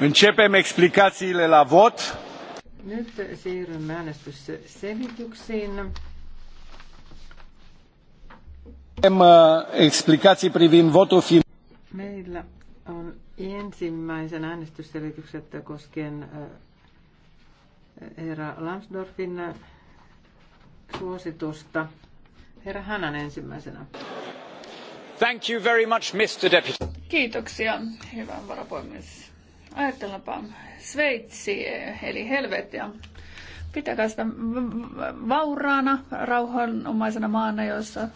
Începem explicațiile la vot. Nyt siirrymme äänestysselityksiin. Uh, explicații privind votul final. Meillä on ensimmäisen äänestysselitykset koskien uh, herra Lansdorfin uh, suositusta. Herra Hänan ensimmäisenä. Thank you very much, Mr. Deputy. Kiitoksia, hyvä varapuhemies. Ajatellaanpa Sveitsi, eli helvetia. Pitäkää sitä vauraana, rauhanomaisena maana, jossa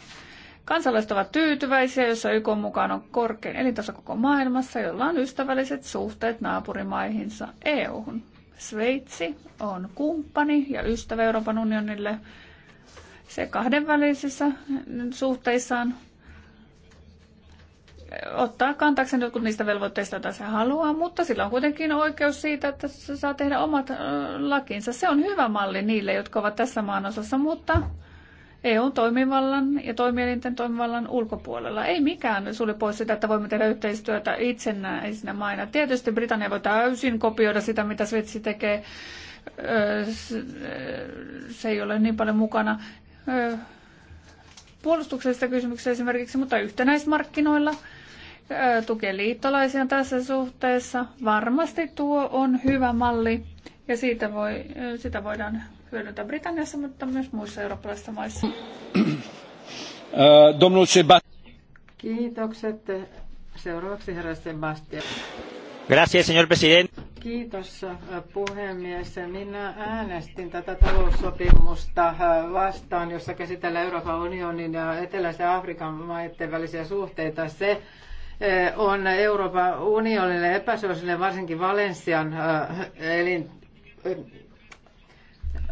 kansalaiset ovat tyytyväisiä, jossa YK mukaan on korkein elintaso koko maailmassa, jolla on ystävälliset suhteet naapurimaihinsa EU-hun. Sveitsi on kumppani ja ystävä Euroopan unionille. Se kahdenvälisissä suhteissaan ottaa kantakseen jotkut niistä velvoitteista, joita se haluaa, mutta sillä on kuitenkin oikeus siitä, että se saa tehdä omat lakinsa. Se on hyvä malli niille, jotka ovat tässä maanosassa, mutta EU-toimivallan ja toimielinten toimivallan ulkopuolella. Ei mikään sulle pois sitä, että voimme tehdä yhteistyötä itsenäisinä maina. Tietysti Britannia voi täysin kopioida sitä, mitä Sveitsi tekee. Se ei ole niin paljon mukana puolustuksellisista kysymyksistä esimerkiksi, mutta yhtenäismarkkinoilla – tukee liittolaisia tässä suhteessa. Varmasti tuo on hyvä malli ja siitä voi, sitä voidaan hyödyntää Britanniassa, mutta myös muissa eurooppalaisissa maissa. Kiitokset. Seuraavaksi herra Sebastian. Gracias, señor presidente. Kiitos puhemies. Minä äänestin tätä taloussopimusta vastaan, jossa käsitellään Euroopan unionin ja Eteläisen Afrikan maiden välisiä suhteita. Se on Euroopan unionille epäsuosille, varsinkin Valensian elin,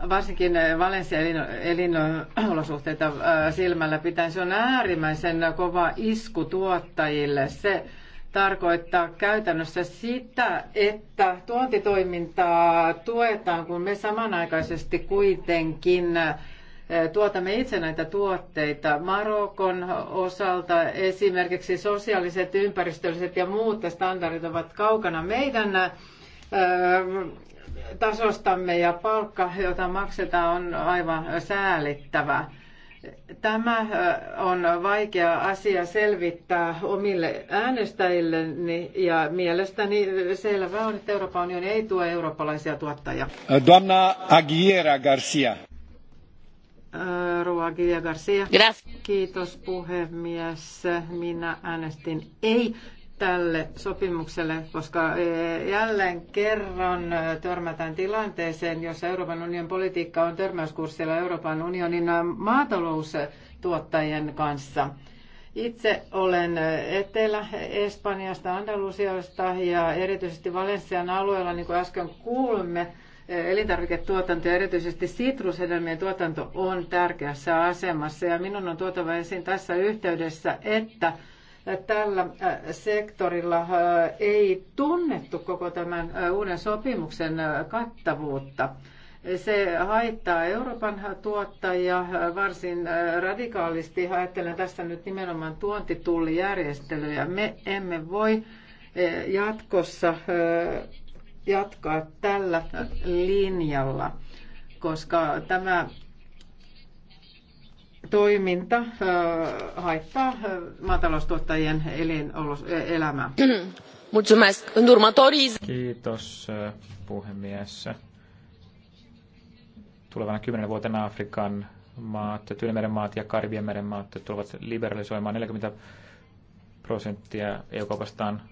varsinkin Valensian elinolosuhteita silmällä pitäen. Se on äärimmäisen kova isku tuottajille. Se tarkoittaa käytännössä sitä, että tuontitoimintaa tuetaan, kun me samanaikaisesti kuitenkin tuotamme itse näitä tuotteita. Marokon osalta esimerkiksi sosiaaliset, ympäristölliset ja muut standardit ovat kaukana meidän tasostamme ja palkka, jota maksetaan, on aivan säälittävä. Tämä on vaikea asia selvittää omille äänestäjilleni ja mielestäni selvää on, että Euroopan unioni ei tue eurooppalaisia tuottajia. Donna Aguilera Garcia. Äh, Roa Gilia Garcia. Kiitos puhemies. Minä äänestin ei tälle sopimukselle, koska äh, jälleen kerran äh, törmätään tilanteeseen, jossa Euroopan unionin politiikka on törmäyskurssilla Euroopan unionin maataloustuottajien kanssa. Itse olen Etelä-Espanjasta, Andalusiasta ja erityisesti Valenssian alueella, niin kuin äsken kuulimme, elintarviketuotanto ja erityisesti sitrushedelmien tuotanto on tärkeässä asemassa ja minun on tuotava esiin tässä yhteydessä, että tällä äh, sektorilla äh, ei tunnettu koko tämän äh, uuden sopimuksen kattavuutta. Se haittaa Euroopan tuottajia varsin radikaalisti. Ajattelen tässä nyt nimenomaan tuontitullijärjestelyjä. Me emme voi jatkossa jatkaa tällä linjalla, koska tämä toiminta haittaa maataloustuottajien elämää. Kiitos, puhemies. Tulevana kymmenen vuotena Afrikan maat, Tyynemeren maat ja Karibian meren maat tulevat liberalisoimaan 40 prosenttia EU-kaupastaan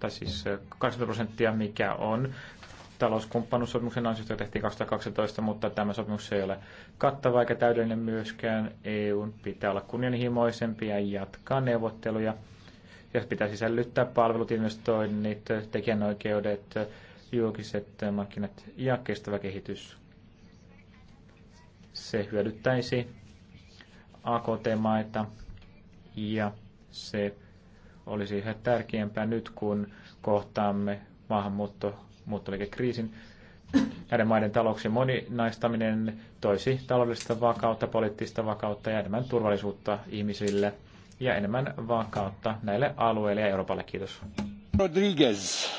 tai siis 80 prosenttia, mikä on talouskumppanuussopimuksen ansiosta tehtiin 2012, mutta tämä sopimus ei ole kattava eikä täydellinen myöskään. EUn pitää olla kunnianhimoisempi ja jatkaa neuvotteluja. Ja pitää sisällyttää palvelut, investoinnit, tekijänoikeudet, julkiset markkinat ja kestävä kehitys. Se hyödyttäisi AKT-maita ja se olisi yhä tärkeämpää nyt, kun kohtaamme maahanmuutto, muuttoliikekriisin. Näiden maiden talouksien moninaistaminen toisi taloudellista vakautta, poliittista vakautta ja enemmän turvallisuutta ihmisille ja enemmän vakautta näille alueille ja Euroopalle. Kiitos. Rodriguez.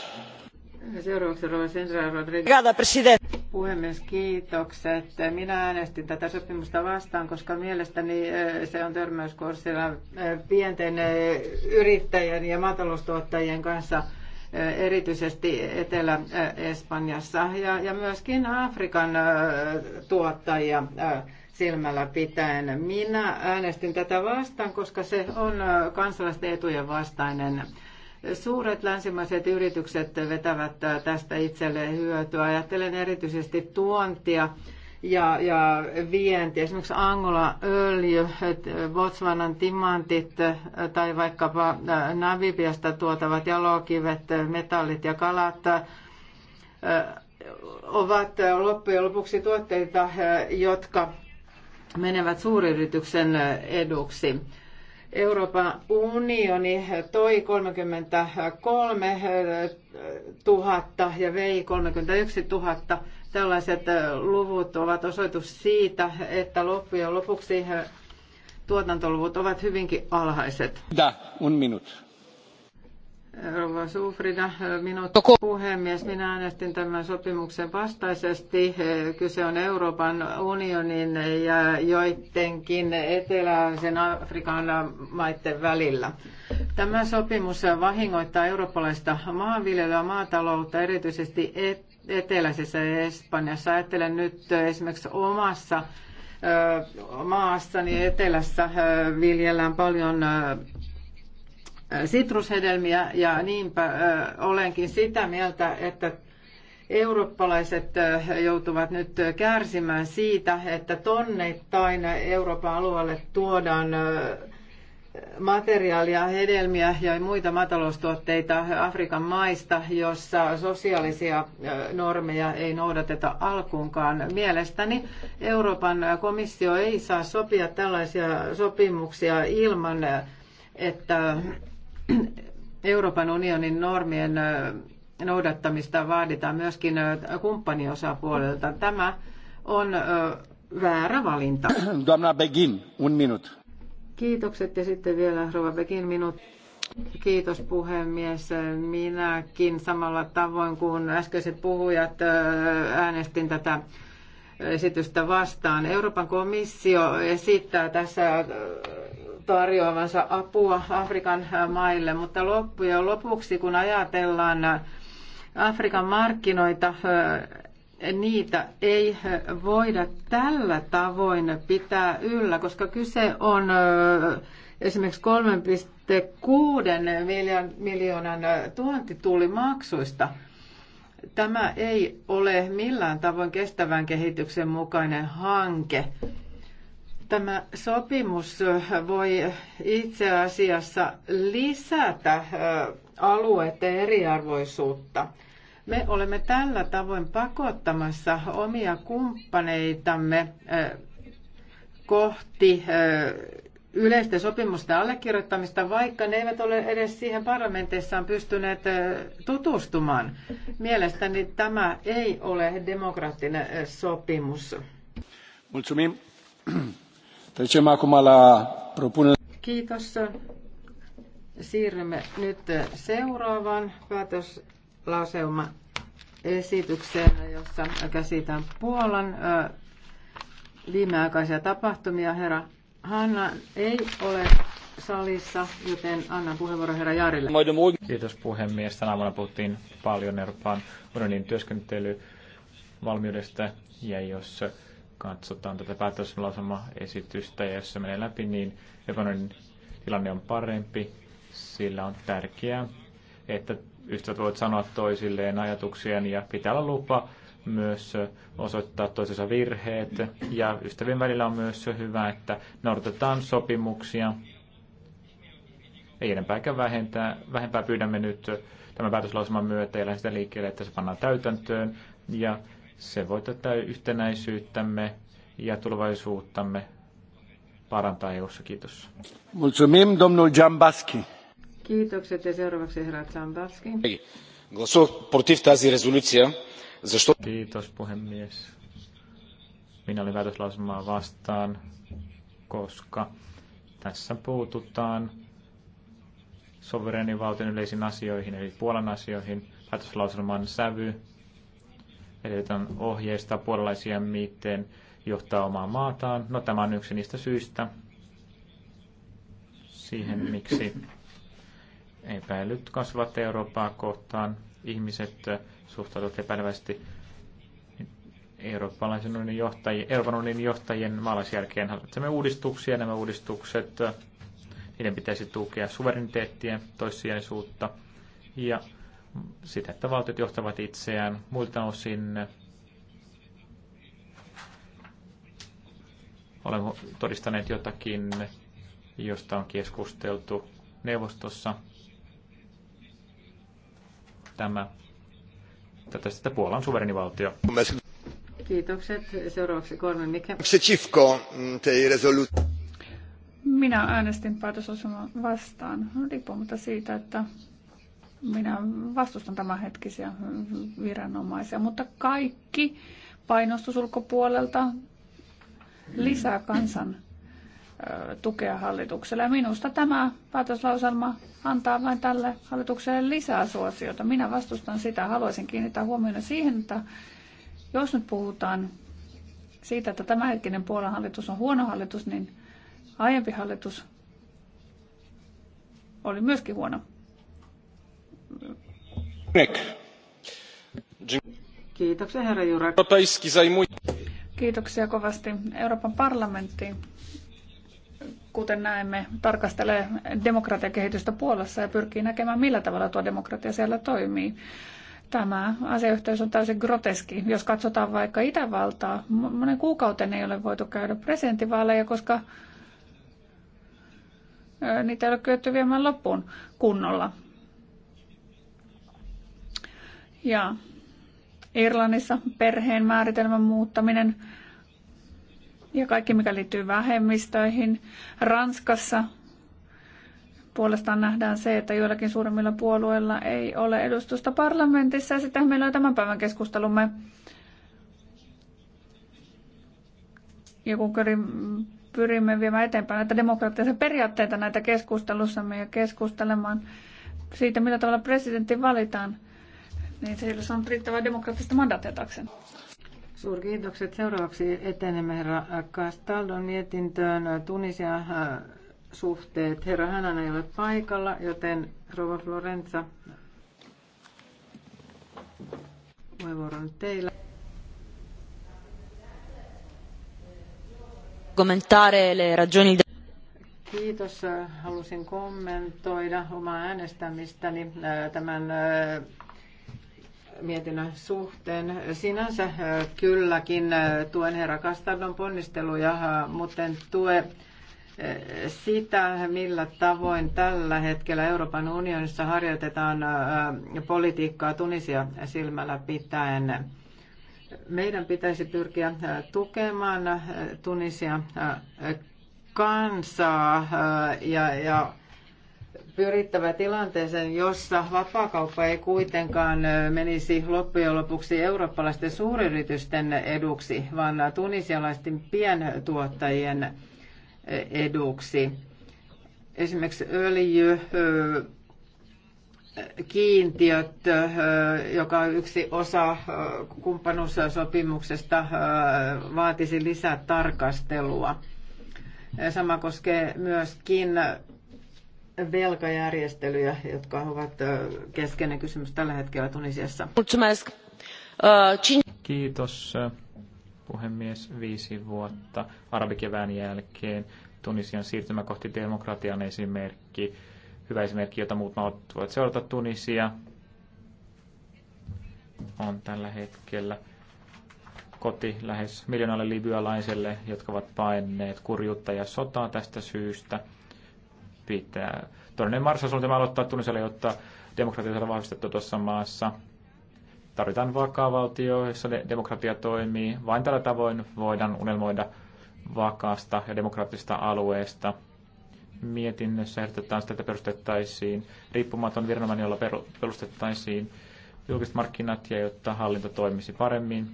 Seuraavaksi Rova Sandra Rodriguez. Puhemies, kiitokset. Minä äänestin tätä sopimusta vastaan, koska mielestäni se on törmäyskurssilla pienten yrittäjien ja maataloustuottajien kanssa erityisesti Etelä-Espanjassa ja, ja myöskin Afrikan tuottajia silmällä pitäen. Minä äänestin tätä vastaan, koska se on kansalaisten etujen vastainen Suuret länsimaiset yritykset vetävät tästä itselleen hyötyä. Ajattelen erityisesti tuontia ja, ja vienti. Esimerkiksi Angola öljy, Botswanan timantit tai vaikkapa Navibiasta tuotavat jalokivet, metallit ja kalat ovat loppujen lopuksi tuotteita, jotka menevät suuryrityksen eduksi. Euroopan unioni toi 33 000 eh, ja vei 31 000. Tällaiset eh, luvut ovat osoitus siitä, että loppujen lopuksi eh, tuotantoluvut ovat hyvinkin alhaiset. Da, un minut. Rouva Suufrida, minut puhemies. Minä äänestin tämän sopimuksen vastaisesti. Kyse on Euroopan unionin ja joidenkin eteläisen Afrikan maiden välillä. Tämä sopimus vahingoittaa eurooppalaista maanviljelyä, maataloutta, erityisesti eteläisessä Espanjassa. Ajattelen nyt esimerkiksi omassa maassani niin etelässä viljellään paljon sitrushedelmiä ja niinpä olenkin sitä mieltä, että eurooppalaiset joutuvat nyt kärsimään siitä, että tonneittain Euroopan alueelle tuodaan materiaalia, hedelmiä ja muita maataloustuotteita Afrikan maista, jossa sosiaalisia normeja ei noudateta alkuunkaan. Mielestäni Euroopan komissio ei saa sopia tällaisia sopimuksia ilman, että Euroopan unionin normien noudattamista vaaditaan myöskin kumppaniosapuolelta. Tämä on väärä valinta. Doamna Begin, un minut. Kiitokset ja sitten vielä Rova Begin minut. Kiitos puhemies. Minäkin samalla tavoin kuin äskeiset puhujat äänestin tätä esitystä vastaan. Euroopan komissio esittää tässä tarjoavansa apua Afrikan maille, mutta loppujen lopuksi, kun ajatellaan Afrikan markkinoita, niitä ei voida tällä tavoin pitää yllä, koska kyse on esimerkiksi 3,6 miljoonan tuontitulimaksuista. Tämä ei ole millään tavoin kestävän kehityksen mukainen hanke. Tämä sopimus voi itse asiassa lisätä alueiden eriarvoisuutta. Me olemme tällä tavoin pakottamassa omia kumppaneitamme kohti yleistä sopimusta allekirjoittamista, vaikka ne eivät ole edes siihen parlamenteissaan pystyneet tutustumaan. Mielestäni tämä ei ole demokraattinen sopimus. Mulțumim. Trecem acum la propunere. Kiitos. Siirrymme nyt seuraavaan päätöslauselma esitykseen, jossa käsitään Puolan viimeaikaisia tapahtumia. Herra Hanna ei ole salissa, joten annan puheenvuoron herra Jarille. Kiitos puhemies. Tänä aamuna puhuttiin paljon Euroopan unionin työskentelyvalmiudesta ja jos katsotaan tätä päätöslauselmaesitystä ja jos se menee läpi, niin Lebanon tilanne on parempi. Sillä on tärkeää, että ystävät voivat sanoa toisilleen ajatuksien ja pitää olla lupa myös osoittaa toisensa virheet. Ja ystävien välillä on myös hyvä, että noudatetaan sopimuksia. Ei enempää eikä vähentää. vähempää pyydämme nyt tämän päätöslausuman myötä ja lähdetään liikkeelle, että se pannaan täytäntöön. Ja se voi tätä yhtenäisyyttämme ja tulevaisuuttamme parantaa EU-ssa. Kiitos. Mulțumim, domnul Jambaski. Kiitokset ja seuraavaksi herra Jambaski. Гласувах против тази резолюция, защото... Kiitos, puhemies. Minä olin päätöslausumaa vastaan, koska tässä puututaan suvereenin yleisiin asioihin, eli Puolan asioihin. Päätöslauselman sävy on ohjeistaa puolalaisia, miten johtaa omaa maataan. No tämä on yksi niistä syistä siihen, miksi epäilyt kasvavat Eurooppaa kohtaan. Ihmiset suhtautuvat epäilevästi eurooppalaisen unionin johtajien, Euroopan unionin johtajien maalaisjälkeen. hallitsemme uudistuksia. Nämä uudistukset, niiden pitäisi tukea suvereniteettien toissijaisuutta ja sitä, että valtiot johtavat itseään muilta osin. Olemme todistaneet jotakin, josta on keskusteltu neuvostossa. Tämä, tätä sitten Puolan suverenivaltio. Kiitokset. Seuraavaksi kolme Mikä. Mm, Minä äänestin päätösosuman vastaan, riippumatta siitä, että minä vastustan tämänhetkisiä viranomaisia, mutta kaikki painostus ulkopuolelta lisää kansan tukea hallitukselle. Ja minusta tämä päätöslauselma antaa vain tälle hallitukselle lisää suosiota. Minä vastustan sitä. Haluaisin kiinnittää huomiota siihen, että jos nyt puhutaan siitä, että tämänhetkinen Puolan hallitus on huono hallitus, niin aiempi hallitus oli myöskin huono. Kiitoksia, Kiitoksia kovasti. Euroopan parlamentti, kuten näemme, tarkastelee demokratiakehitystä Puolassa ja pyrkii näkemään, millä tavalla tuo demokratia siellä toimii. Tämä asiayhteys on täysin groteski. Jos katsotaan vaikka Itävaltaa, monen kuukauten ei ole voitu käydä presidentinvaaleja, koska niitä ei ole kyetty viemään loppuun kunnolla ja Irlannissa perheen määritelmän muuttaminen ja kaikki, mikä liittyy vähemmistöihin. Ranskassa puolestaan nähdään se, että joillakin suuremmilla puolueilla ei ole edustusta parlamentissa. Ja sitten meillä on tämän päivän keskustelumme. Ja kun pyrimme viemään eteenpäin näitä demokraattisia periaatteita näitä keskustelussamme ja keskustelemaan siitä, millä tavalla presidentti valitaan – niin se ei ole saanut riittävää demokraattista mandaattia taakseen. Suurkiitokset. Seuraavaksi etenemme herra Kastaldon mietintöön Tunisia äh, suhteet. Herra Hänän ei ole paikalla, joten rouva Florenza, puheenvuoro on teillä. Commentare le ragioni Kiitos. Äh, halusin kommentoida omaa äänestämistäni äh, tämän mietinnön suhteen. Sinänsä äh, kylläkin äh, tuen herra Kastardon ponnisteluja, äh, mutta en tue sitä, millä tavoin tällä hetkellä Euroopan unionissa harjoitetaan politiikkaa Tunisia silmällä pitäen. Meidän pitäisi pyrkiä tukemaan Tunisia kansaa ja, ja pyrittävä tilanteeseen, jossa vapaakauppa ei kuitenkaan menisi loppujen lopuksi eurooppalaisten suuryritysten eduksi, vaan tunisialaisten pientuottajien eduksi. Esimerkiksi öljy, kiintiöt, joka on yksi osa kumppanuussopimuksesta, vaatisi lisää tarkastelua. Sama koskee myöskin velkajärjestelyjä, jotka ovat keskeinen kysymys tällä hetkellä Tunisiassa. Kiitos puhemies viisi vuotta arabikevään jälkeen. Tunisian siirtymä kohti demokratian esimerkki, hyvä esimerkki, jota muut maat voivat seurata Tunisia, on tällä hetkellä koti lähes miljoonalle libyalaiselle, jotka ovat paineet kurjuutta ja sotaa tästä syystä pitää. Todellinen Marshall-suunnitelma aloittaa tunnisella, jotta demokratia saadaan vahvistettu tuossa maassa. Tarvitaan vakaa valtio, jossa demokratia toimii. Vain tällä tavoin voidaan unelmoida vakaasta ja demokraattisesta alueesta. Mietinnössä ehdotetaan sitä, että perustettaisiin riippumaton viranomainen, jolla perustettaisiin julkiset markkinat ja jotta hallinto toimisi paremmin.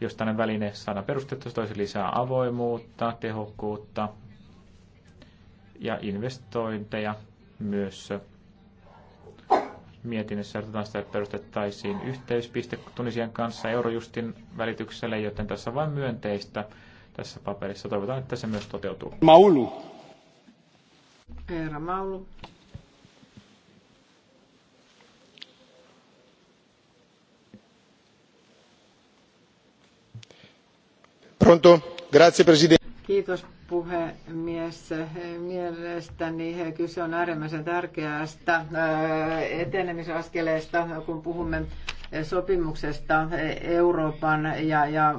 Jos tällainen väline saadaan perustettua, se toisi lisää avoimuutta, tehokkuutta ja investointeja myös. Mietinnössä ehdotetaan sitä, että perustettaisiin yhteyspiste Tunisian kanssa Eurojustin välitykselle, joten tässä on vain myönteistä tässä paperissa. Toivotaan, että se myös toteutuu. Maulu. Eera Maulu. Pronto? Grazie, Presidente. Kiitos puhemies. Mielestäni kyse on äärimmäisen tärkeästä äh, etenemisaskeleesta, kun puhumme sopimuksesta Euroopan ja, ja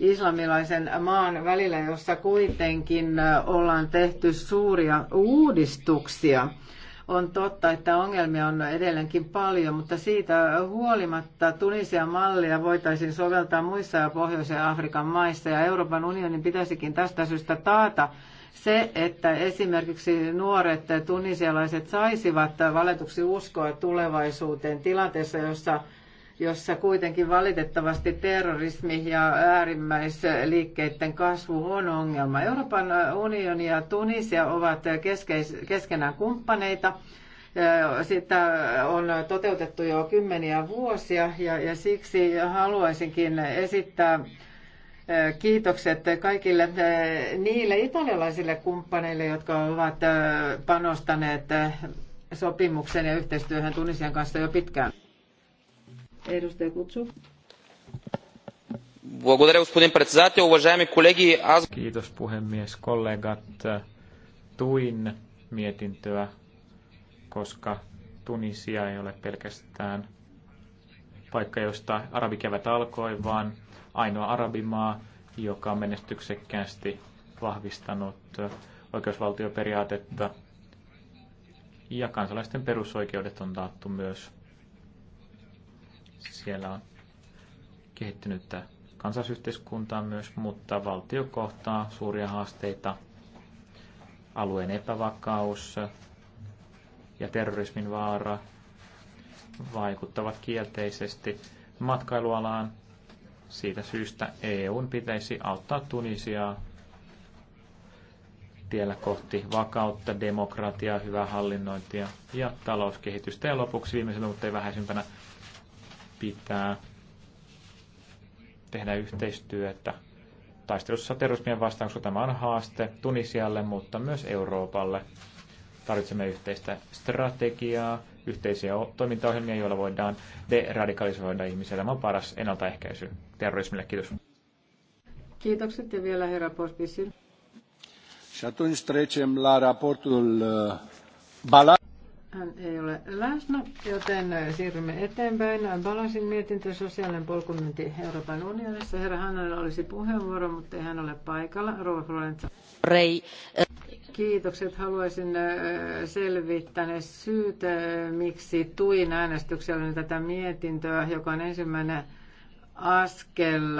islamilaisen maan välillä, jossa kuitenkin ollaan tehty suuria uudistuksia. On totta, että ongelmia on edelleenkin paljon, mutta siitä huolimatta Tunisian mallia voitaisiin soveltaa muissa Pohjoisen Afrikan maissa ja Euroopan unionin pitäisikin tästä syystä taata se, että esimerkiksi nuoret tunisialaiset saisivat valetuksi uskoa tulevaisuuteen tilanteessa, jossa jossa kuitenkin valitettavasti terrorismi ja äärimmäisliikkeiden kasvu on ongelma. Euroopan unioni ja Tunisia ovat keskeis, keskenään kumppaneita. Sitä on toteutettu jo kymmeniä vuosia ja, ja siksi haluaisinkin esittää kiitokset kaikille niille italialaisille kumppaneille, jotka ovat panostaneet sopimuksen ja yhteistyöhön Tunisian kanssa jo pitkään. Edustaja Kutsu. Благодаря, господин председател. Уважаеми колеги, аз... Kiitos puhemies, kollegat. Tuin mietintöä, koska Tunisia ei ole pelkästään paikka, josta arabikevät alkoi, vaan ainoa arabimaa, joka on menestyksekkäästi vahvistanut oikeusvaltioperiaatetta ja kansalaisten perusoikeudet on taattu myös siellä on kehittynyttä kansallisyhteiskuntaa myös, mutta valtio kohtaa suuria haasteita, alueen epävakaus ja terrorismin vaara vaikuttavat kielteisesti matkailualaan. Siitä syystä EUn pitäisi auttaa Tunisiaa tiellä kohti vakautta, demokratiaa, hyvää hallinnointia ja talouskehitystä. Ja lopuksi viimeisenä, mutta ei vähäisimpänä, pitää tehdä yhteistyötä taistelussa terrorismien vastaan, koska tämä on haaste Tunisialle, mutta myös Euroopalle. Tarvitsemme yhteistä strategiaa, yhteisiä toimintaohjelmia, joilla voidaan deradikalisoida ihmisiä. Tämä on paras ennaltaehkäisy terrorismille. Kiitos. Kiitokset ja vielä herra Pospisil. Și atunci trecem la raportul uh, hän ei ole läsnä, joten siirrymme eteenpäin. Balasin mietintö sosiaalinen polkumyynti Euroopan unionissa. Herra Hannalla olisi puheenvuoro, mutta ei hän ole paikalla. Rouva Florenza. Rei. Kiitokset. Haluaisin äh, selvittää ne syyt, äh, miksi tuin äänestyksellä tätä mietintöä, joka on ensimmäinen askel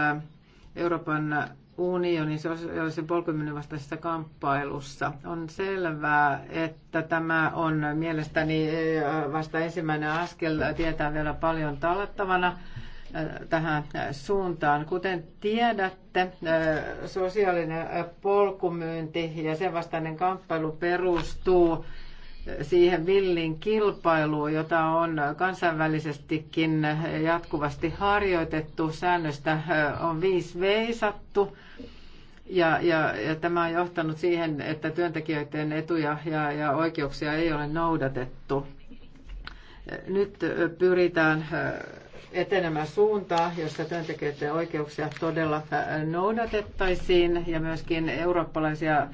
Euroopan unionin sosiaalisen polkuminen vastaisessa kamppailussa. On selvää, että tämä on mielestäni vasta ensimmäinen askel, tietää vielä paljon tallettavana tähän suuntaan. Kuten tiedätte, sosiaalinen polkumyynti ja sen vastainen kamppailu perustuu siihen villin kilpailuun, jota on kansainvälisestikin jatkuvasti harjoitettu. Säännöstä on viisi veisattu. Ja, ja, ja tämä on johtanut siihen, että työntekijöiden etuja ja, ja oikeuksia ei ole noudatettu. Nyt pyritään etenemään suuntaa, jossa työntekijöiden oikeuksia todella noudatettaisiin ja myöskin eurooppalaisia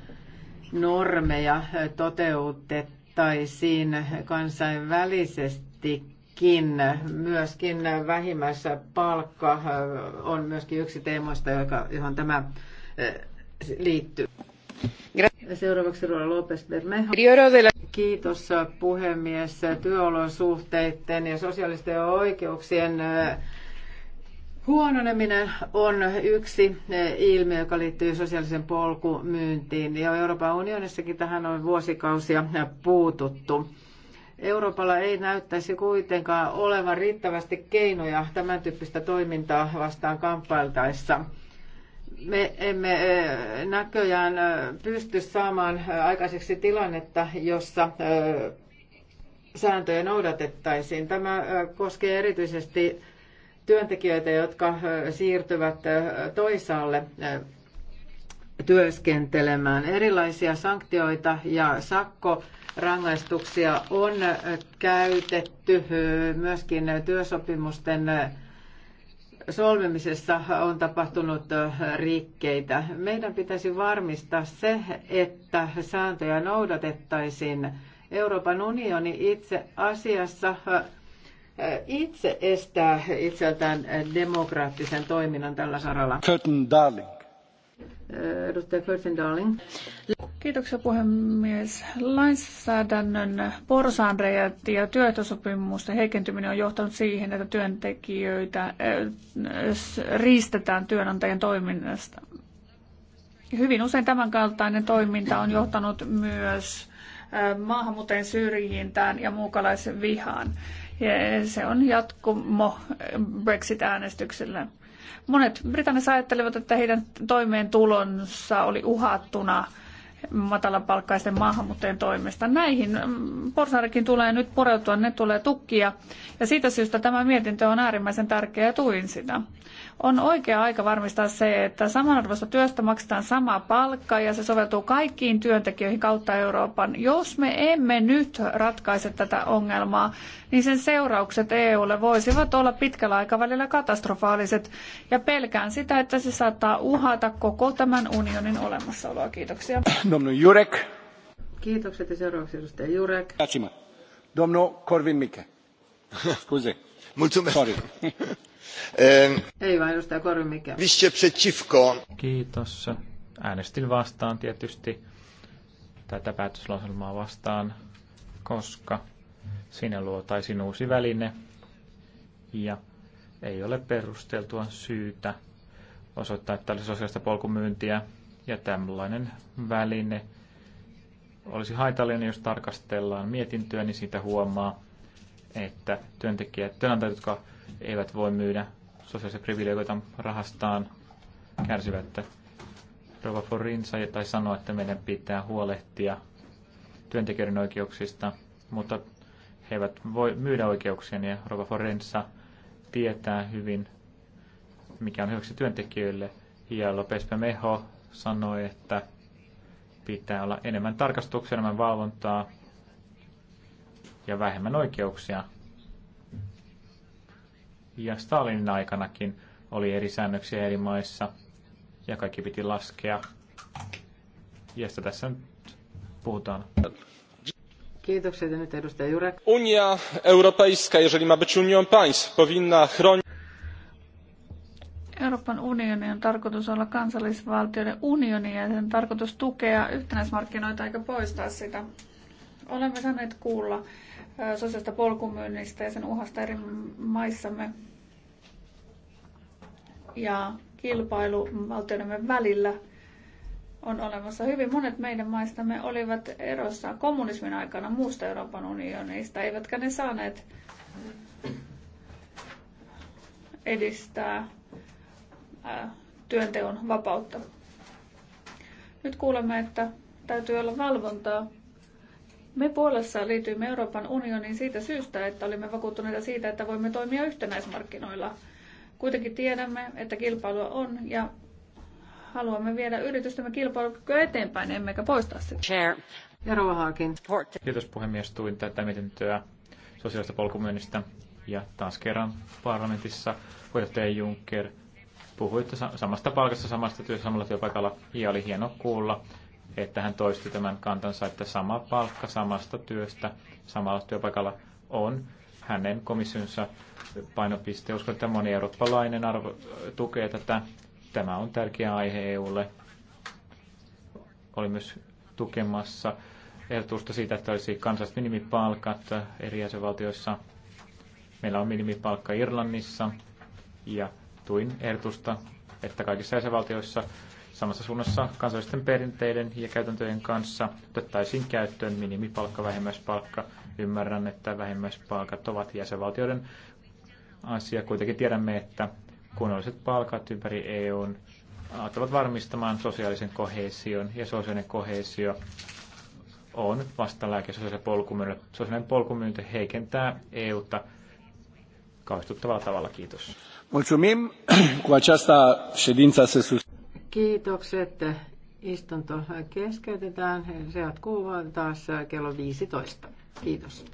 normeja toteutettaisiin huomioitaisiin kansainvälisestikin. Myöskin vähimmäispalkka palkka on myöskin yksi teemoista, joka, johon tämä liittyy. Seuraavaksi Ruola Lopes Bermejo. Kiitos puhemies. Työolosuhteiden ja sosiaalisten oikeuksien Huononeminen on yksi eh, ilmiö, joka liittyy sosiaalisen polkumyyntiin ja Euroopan unionissakin tähän on vuosikausia puututtu. Euroopalla ei näyttäisi kuitenkaan olevan riittävästi keinoja tämän tyyppistä toimintaa vastaan kamppailtaessa. Me emme eh, näköjään eh, pysty saamaan aikaiseksi tilannetta, jossa sääntöjä noudatettaisiin. Tämä koskee erityisesti työntekijöitä, jotka siirtyvät toisaalle työskentelemään. Erilaisia sanktioita ja sakkorangaistuksia on käytetty myöskin työsopimusten solmimisessa on tapahtunut rikkeitä. Meidän pitäisi varmistaa se, että sääntöjä noudatettaisiin. Euroopan unioni itse asiassa itse estää itseltään demokraattisen toiminnan tällä saralla. Curtin Darling. Edustaja Curtin Darling. Kiitoksia puhemies. Lainsäädännön porsaanreijät ja työehtosopimusten heikentyminen on johtanut siihen, että työntekijöitä riistetään työnantajan toiminnasta. Hyvin usein tämänkaltainen toiminta on johtanut myös maahanmuuttajien syrjintään ja muukalaisen vihaan. Ja se on jatkumo Brexit-äänestykselle. Monet Britannissa ajattelevat, että heidän toimeentulonsa oli uhattuna matalapalkkaisten maahanmuuttajien toimesta. Näihin mm, porsarekin tulee nyt pureutua, ne tulee tukkia. Ja siitä syystä tämä mietintö on äärimmäisen tärkeä ja tuin sitä on oikea aika varmistaa se, että samanarvoista työstä maksetaan sama palkka ja se soveltuu kaikkiin työntekijöihin kautta Euroopan. Jos me emme nyt ratkaise tätä ongelmaa, niin sen seuraukset EUlle voisivat olla pitkällä aikavälillä katastrofaaliset ja pelkään sitä, että se saattaa uhata koko tämän unionin olemassaoloa. Kiitoksia. Domnu Jurek. Kiitokset ja seuraavaksi edustaja Jurek. Domnu Korvin Mikke. Sorry. Ei vaan edustaja Korvi mikä. Kiitos. Äänestin vastaan tietysti tätä päätöslauselmaa vastaan, koska siinä luotaisiin uusi väline ja ei ole perusteltua syytä osoittaa, että olisi sosiaalista polkumyyntiä ja tällainen väline olisi haitallinen, jos tarkastellaan mietintöä, niin siitä huomaa, että työntekijät, työnantajat, jotka eivät voi myydä sosiaalisia privilegioita rahastaan, kärsivät. Rova Forinsa tai sanoa, että meidän pitää huolehtia työntekijöiden oikeuksista, mutta he eivät voi myydä oikeuksia, ja Rova Forensa tietää hyvin, mikä on hyväksi työntekijöille. Ja Lopes Meho sanoi, että pitää olla enemmän tarkastuksia, enemmän valvontaa, ja vähemmän oikeuksia. Ja Stalinin aikanakin oli eri säännöksiä eri maissa ja kaikki piti laskea. Ja sitä tässä nyt puhutaan. Kiitokset ja nyt edustaja Jurek. Unia Europejska, jeżeli ma być unią państw, powinna chronić... Euroopan unioni on tarkoitus olla kansallisvaltioiden unioni ja sen tarkoitus tukea yhtenäismarkkinoita eikä poistaa sitä. Olemme saaneet kuulla sosiaalista polkumyynnistä ja sen uhasta eri maissamme ja kilpailu valtioidemme välillä on olemassa. Hyvin monet meidän maistamme olivat erossa kommunismin aikana muusta Euroopan unionista, eivätkä ne saaneet edistää työnteon vapautta. Nyt kuulemme, että täytyy olla valvontaa me Puolassa liityimme Euroopan unioniin siitä syystä, että olimme vakuuttuneita siitä, että voimme toimia yhtenäismarkkinoilla. Kuitenkin tiedämme, että kilpailua on ja haluamme viedä yritystämme kilpailukykyä eteenpäin, emmekä poistaa sitä. Chair. Ja Kiitos puhemies, tuin tätä mietintöä sosiaalista polkumyynnistä. Ja taas kerran parlamentissa puheenjohtaja Juncker puhui samasta palkasta, samasta työstä, samalla työpaikalla. Ja oli hieno kuulla, että hän toisti tämän kantansa, että sama palkka samasta työstä samalla työpaikalla on hänen komissionsa painopiste. Uskon, että moni eurooppalainen arvo, tukee tätä. Tämä on tärkeä aihe EUlle. Oli myös tukemassa ehdotusta siitä, että olisi kansalliset minimipalkat eri jäsenvaltioissa. Meillä on minimipalkka Irlannissa ja tuin ehdotusta, että kaikissa jäsenvaltioissa samassa suunnassa kansallisten perinteiden ja käytäntöjen kanssa otettaisiin käyttöön minimipalkka, vähimmäispalkka. Ymmärrän, että vähimmäispalkat ovat jäsenvaltioiden asia. Kuitenkin tiedämme, että kunnolliset palkat ympäri EUn auttavat varmistamaan sosiaalisen kohesion ja sosiaalinen kohesio on vastalääke sosiaalisen polkumyynnille. Sosiaalinen polkumyynti heikentää EUta kauhistuttavalla tavalla. Kiitos. Mulțumim. Cu această ședință se Kiitokset. Istunto keskeytetään. Se jatkuu taas kello 15. Kiitos.